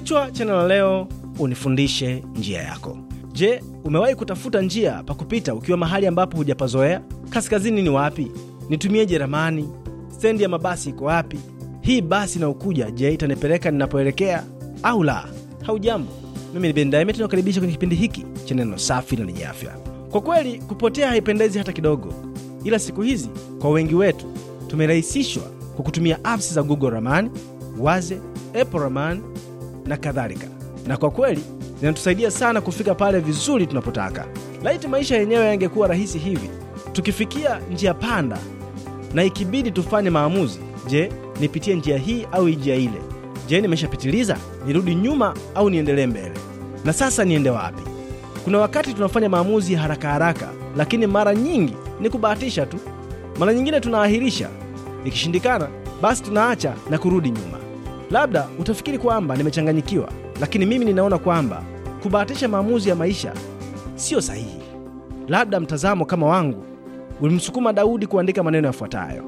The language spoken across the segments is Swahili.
Kichwa cha neno leo, unifundishe njia yako. Je, umewahi kutafuta njia pa kupita ukiwa mahali ambapo hujapazoea? Kaskazini ni wapi? Nitumieje ramani? Stendi ya mabasi iko wapi? Hii basi inayokuja, je, itanipeleka ninapoelekea au la? Haujambo, mimi ni Ben Dynamite, kwenye kipindi hiki cha neno safi na lenye afya. Kwa kweli kupotea haipendezi hata kidogo, ila siku hizi kwa wengi wetu tumerahisishwa kwa kutumia apps za Google ramani, Waze, Apple ramani na kadhalika, na kwa kweli zinatusaidia sana kufika pale vizuri tunapotaka. Laiti maisha yenyewe yangekuwa rahisi hivi, tukifikia njia panda na ikibidi tufanye maamuzi. Je, nipitie njia hii au njia ile? Je, nimeshapitiliza? Nirudi nyuma au niendelee mbele? Na sasa niende wapi? Kuna wakati tunafanya maamuzi haraka haraka, lakini mara nyingi ni kubahatisha tu. Mara nyingine tunaahirisha, ikishindikana basi tunaacha na kurudi nyuma. Labda utafikiri kwamba nimechanganyikiwa, lakini mimi ninaona kwamba kubahatisha maamuzi ya maisha siyo sahihi. Labda mtazamo kama wangu ulimsukuma Daudi kuandika maneno yafuatayo.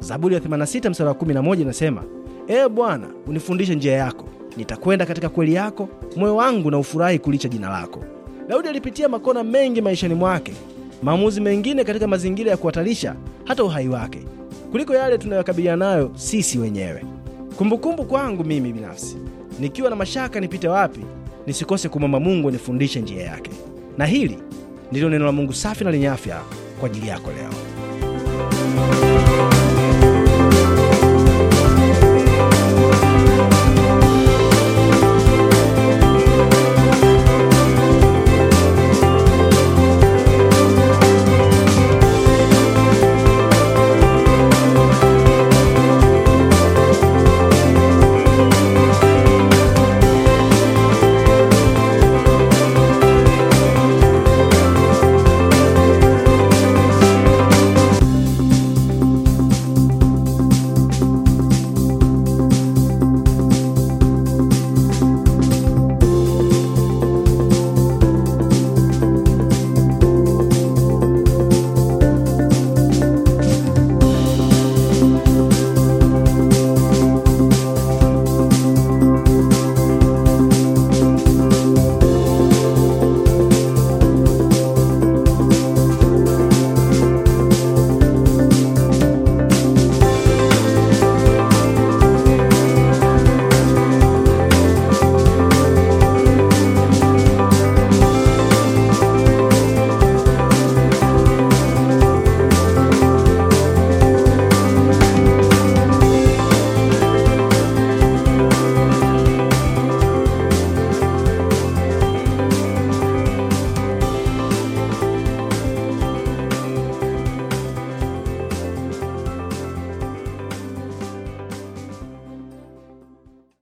Zaburi ya 86 wa 11 inasema, Ee Bwana, unifundishe njia yako, nitakwenda katika kweli yako, moyo wangu na ufurahi kulicha jina lako. Daudi alipitia makona mengi maishani mwake, maamuzi mengine katika mazingira ya kuhatarisha hata uhai wake kuliko yale tunayokabiliana nayo sisi wenyewe. Kumbukumbu kwangu mimi binafsi, nikiwa na mashaka nipite wapi, nisikose kumwomba Mungu anifundishe njia yake. Na hili ndilo neno la Mungu safi na lenye afya kwa ajili yako leo.